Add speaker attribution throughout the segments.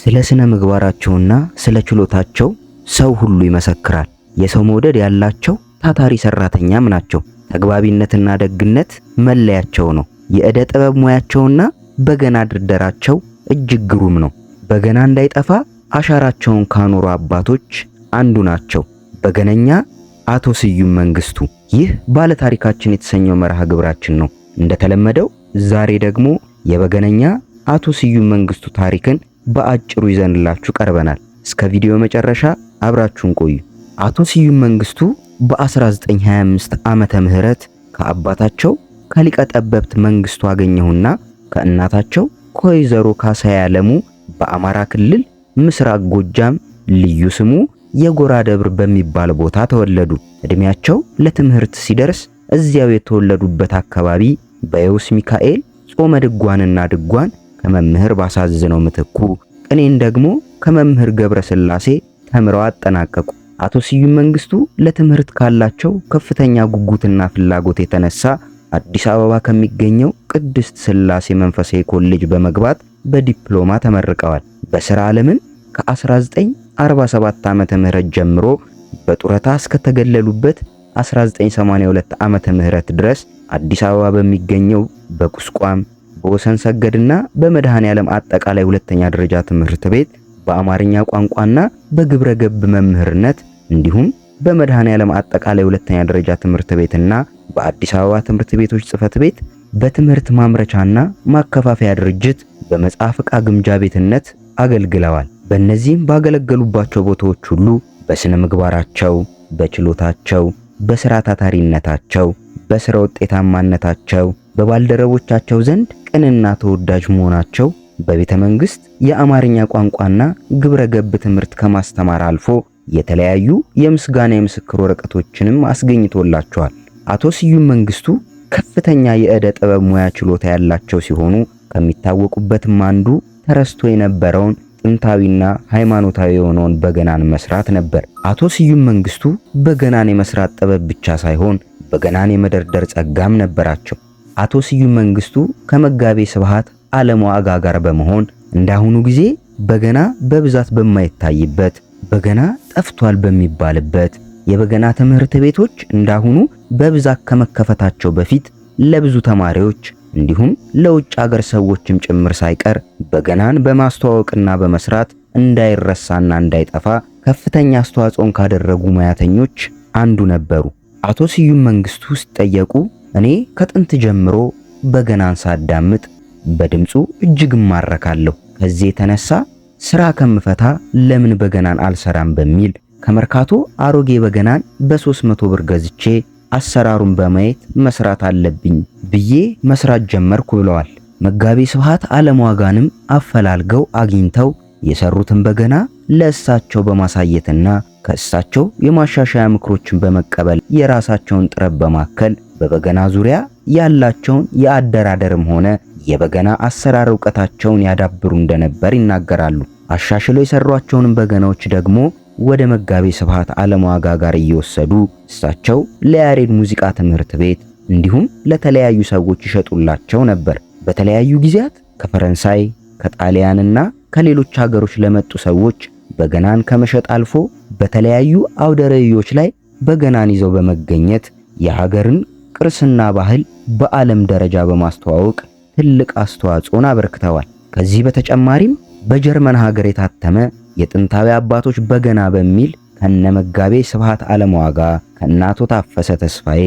Speaker 1: ስለ ስነ ምግባራቸውና ስለ ችሎታቸው ሰው ሁሉ ይመሰክራል። የሰው መውደድ ያላቸው ታታሪ ሰራተኛም ናቸው። ተግባቢነትና ደግነት መለያቸው ነው። የእደ ጥበብ ሙያቸውና በገና ድርደራቸው እጅግ ግሩም ነው። በገና እንዳይጠፋ አሻራቸውን ካኖሩ አባቶች አንዱ ናቸው። በገነኛ አቶ ስዩም መንግስቱ። ይህ ባለታሪካችን የተሰኘው መርሃ ግብራችን ነው። እንደተለመደው ዛሬ ደግሞ የበገነኛ አቶ ስዩም መንግስቱ ታሪክን በአጭሩ ይዘንላችሁ ቀርበናል። እስከ ቪዲዮ መጨረሻ አብራችሁን ቆዩ። አቶ ስዩም መንግስቱ በ1925 ዓመተ ምህረት ከአባታቸው ከሊቀ ጠበብት መንግስቱ አገኘሁና ከእናታቸው ከወይዘሮ ካሳ ያለሙ በአማራ ክልል ምስራቅ ጎጃም ልዩ ስሙ የጎራ ደብር በሚባል ቦታ ተወለዱ። እድሜያቸው ለትምህርት ሲደርስ እዚያው የተወለዱበት አካባቢ በየውስ ሚካኤል ጾመ ድጓንና ድጓን ከመምህር ባሳዝነው ምትኩ፣ ቅኔን ደግሞ ከመምህር ገብረ ስላሴ ተምረው አጠናቀቁ። አቶ ስዩም መንግስቱ ለትምህርት ካላቸው ከፍተኛ ጉጉትና ፍላጎት የተነሳ አዲስ አበባ ከሚገኘው ቅድስት ስላሴ መንፈሳዊ ኮሌጅ በመግባት በዲፕሎማ ተመርቀዋል። በሥራ ዓለምም ከ1947 ዓመተ ምህረት ጀምሮ በጡረታ እስከተገለሉበት 1982 ዓመተ ምህረት ድረስ አዲስ አበባ በሚገኘው በቁስቋም በወሰን ሰገድና በመድኃኔ ዓለም አጠቃላይ ሁለተኛ ደረጃ ትምህርት ቤት በአማርኛ ቋንቋና በግብረ ገብ መምህርነት እንዲሁም በመድኃኔ ዓለም አጠቃላይ ሁለተኛ ደረጃ ትምህርት ቤትና በአዲስ አበባ ትምህርት ቤቶች ጽፈት ቤት በትምህርት ማምረቻና ማከፋፈያ ድርጅት በመጽሐፍ ዕቃ ግምጃ ቤትነት አገልግለዋል። በእነዚህም ባገለገሉባቸው ቦታዎች ሁሉ በስነ ምግባራቸው፣ በችሎታቸው፣ በስራ ታታሪነታቸው፣ በስራ ውጤታማነታቸው በባልደረቦቻቸው ዘንድ ቅንና ተወዳጅ መሆናቸው በቤተ መንግስት የአማርኛ ቋንቋና ግብረ ገብ ትምህርት ከማስተማር አልፎ የተለያዩ የምስጋና የምስክር ወረቀቶችንም አስገኝቶላቸዋል። አቶ ስዩም መንግስቱ ከፍተኛ የእደ ጥበብ ሙያ ችሎታ ያላቸው ሲሆኑ ከሚታወቁበትም አንዱ ተረስቶ የነበረውን ጥንታዊና ሃይማኖታዊ የሆነውን በገናን መስራት ነበር። አቶ ስዩም መንግስቱ በገናን የመስራት ጥበብ ብቻ ሳይሆን በገናን የመደርደር ጸጋም ነበራቸው። አቶ ስዩም መንግስቱ ከመጋቤ ስብሃት ዓለም ዋጋ ጋር በመሆን እንዳሁኑ ጊዜ በገና በብዛት በማይታይበት በገና ጠፍቷል በሚባልበት የበገና ትምህርት ቤቶች እንዳሁኑ በብዛት ከመከፈታቸው በፊት ለብዙ ተማሪዎች እንዲሁም ለውጭ አገር ሰዎችም ጭምር ሳይቀር በገናን በማስተዋወቅና በመስራት እንዳይረሳና እንዳይጠፋ ከፍተኛ አስተዋጽኦን ካደረጉ ሙያተኞች አንዱ ነበሩ። አቶ ስዩም መንግስቱ ሲጠየቁ እኔ ከጥንት ጀምሮ በገናን ሳዳምጥ በድምፁ እጅግ ማረካለሁ። ከዚህ የተነሳ ስራ ከምፈታ ለምን በገናን አልሰራም በሚል ከመርካቶ አሮጌ በገናን በ300 ብር ገዝቼ አሰራሩን በማየት መስራት አለብኝ ብዬ መስራት ጀመርኩ ብለዋል። መጋቤ ስብሃት ዓለም ዋጋንም አፈላልገው አግኝተው የሰሩትን በገና ለእሳቸው በማሳየትና ከእሳቸው የማሻሻያ ምክሮችን በመቀበል የራሳቸውን ጥረት በማከል በበገና ዙሪያ ያላቸውን የአደራደርም ሆነ የበገና አሰራር ዕውቀታቸውን ያዳብሩ እንደነበር ይናገራሉ። አሻሽለው የሰሯቸውንም በገናዎች ደግሞ ወደ መጋቤ ስብሐት አለምዋጋ ጋር እየወሰዱ እሳቸው ለያሬድ ሙዚቃ ትምህርት ቤት እንዲሁም ለተለያዩ ሰዎች ይሸጡላቸው ነበር። በተለያዩ ጊዜያት ከፈረንሳይ ከጣሊያንና ከሌሎች ሀገሮች ለመጡ ሰዎች በገናን ከመሸጥ አልፎ በተለያዩ አውደ ርዕዮች ላይ በገናን ይዘው በመገኘት የሀገርን ቅርስና ባህል በዓለም ደረጃ በማስተዋወቅ ትልቅ አስተዋጽኦን አበርክተዋል። ከዚህ በተጨማሪም በጀርመን ሀገር የታተመ የጥንታዊ አባቶች በገና በሚል ከነመጋቤ ስብሐት ዓለም ዋጋ ከነ አቶ ታፈሰ ተስፋዬ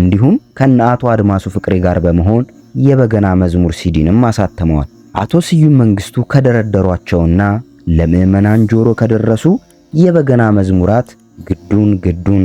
Speaker 1: እንዲሁም ከነ አቶ አድማሱ ፍቅሬ ጋር በመሆን የበገና መዝሙር ሲዲንም አሳተመዋል። አቶ ስዩም መንግስቱ ከደረደሯቸውና ለምዕመናን ጆሮ ከደረሱ የበገና መዝሙራት ግዱን ግዱን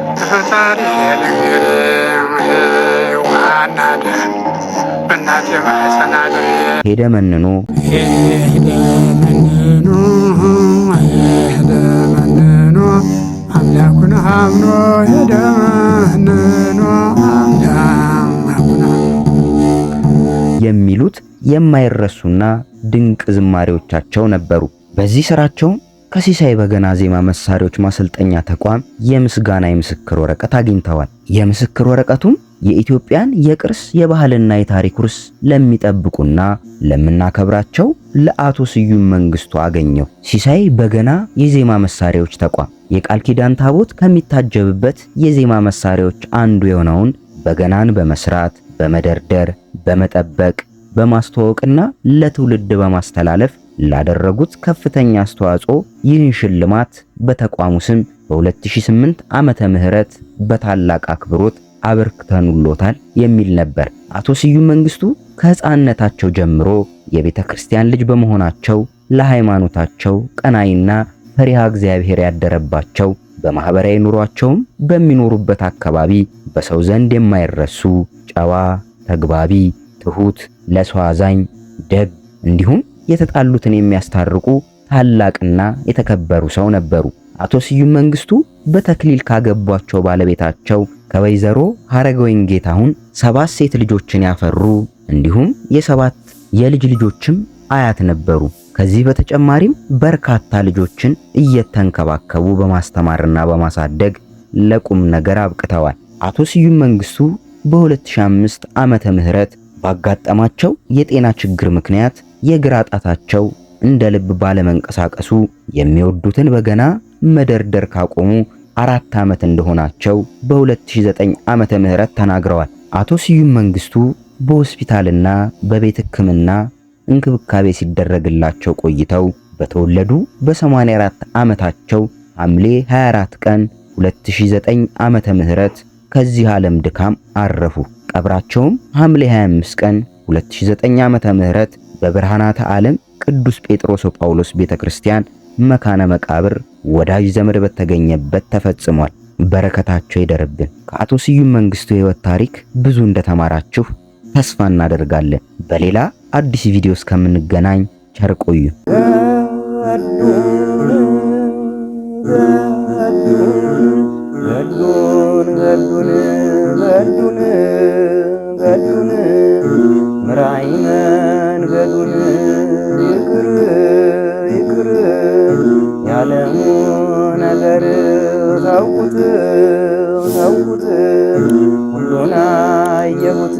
Speaker 1: ፈጣሪ ሄደ መንኖ ሄደ ሄደ አምላኩን አምኖ ሄደ የሚሉት የማይረሱና ድንቅ ዝማሬዎቻቸው ነበሩ። በዚህ ስራቸው ከሲሳይ በገና ዜማ መሳሪያዎች ማሰልጠኛ ተቋም የምስጋና የምስክር ወረቀት አግኝተዋል። የምስክር ወረቀቱም የኢትዮጵያን የቅርስ የባህልና የታሪክ ውርስ ለሚጠብቁና ለምናከብራቸው ለአቶ ስዩም መንግስቱ አገኘው ሲሳይ በገና የዜማ መሳሪያዎች ተቋም የቃል ኪዳን ታቦት ከሚታጀብበት የዜማ መሳሪያዎች አንዱ የሆነውን በገናን በመስራት በመደርደር፣ በመጠበቅ፣ በማስተዋወቅና ለትውልድ በማስተላለፍ ላደረጉት ከፍተኛ አስተዋጽኦ ይህን ሽልማት በተቋሙ ስም በ2008 ዓመተ ምህረት በታላቅ አክብሮት አበርክተኑሎታል የሚል ነበር። አቶ ስዩም መንግስቱ ከህፃንነታቸው ጀምሮ የቤተ ክርስቲያን ልጅ በመሆናቸው ለሃይማኖታቸው ቀናይና ፈሪሃ እግዚአብሔር ያደረባቸው በማህበራዊ ኑሯቸውም በሚኖሩበት አካባቢ በሰው ዘንድ የማይረሱ ጨዋ፣ ተግባቢ፣ ትሁት፣ ለሰው አዛኝ፣ ደግ እንዲሁም የተጣሉትን የሚያስታርቁ ታላቅና የተከበሩ ሰው ነበሩ። አቶ ስዩም መንግስቱ በተክሊል ካገቧቸው ባለቤታቸው ከወይዘሮ ሀረገወይን ጌታሁን ሰባት ሴት ልጆችን ያፈሩ እንዲሁም የሰባት የልጅ ልጆችም አያት ነበሩ። ከዚህ በተጨማሪም በርካታ ልጆችን እየተንከባከቡ በማስተማርና በማሳደግ ለቁም ነገር አብቅተዋል። አቶ ስዩም መንግስቱ በ2005 ዓመተ ምህረት ባጋጠማቸው የጤና ችግር ምክንያት የግራ ጣታቸው እንደ ልብ ባለመንቀሳቀሱ የሚወዱትን በገና መደርደር ካቆሙ አራት ዓመት እንደሆናቸው በ2009 ዓመተ ምህረት ተናግረዋል። አቶ ስዩም መንግስቱ በሆስፒታልና በቤት ሕክምና እንክብካቤ ሲደረግላቸው ቆይተው በተወለዱ በ84 ዓመታቸው ሐምሌ 24 ቀን 2009 ዓመተ ምህረት ከዚህ ዓለም ድካም አረፉ። ቀብራቸውም ሐምሌ 25 ቀን 2009 ዓመተ ምህረት በብርሃናተ ዓለም ቅዱስ ጴጥሮስ ጳውሎስ ቤተክርስቲያን መካነ መቃብር ወዳጅ ዘመድ በተገኘበት ተፈጽሟል። በረከታቸው ይደርብን። ከአቶ ስዩም መንግስቱ የህይወት ታሪክ ብዙ እንደተማራችሁ ተስፋ እናደርጋለን። በሌላ አዲስ ቪዲዮ እስከምንገናኝ ቸር ቆዩ። ተውት ተውት ሁሉን አየሁት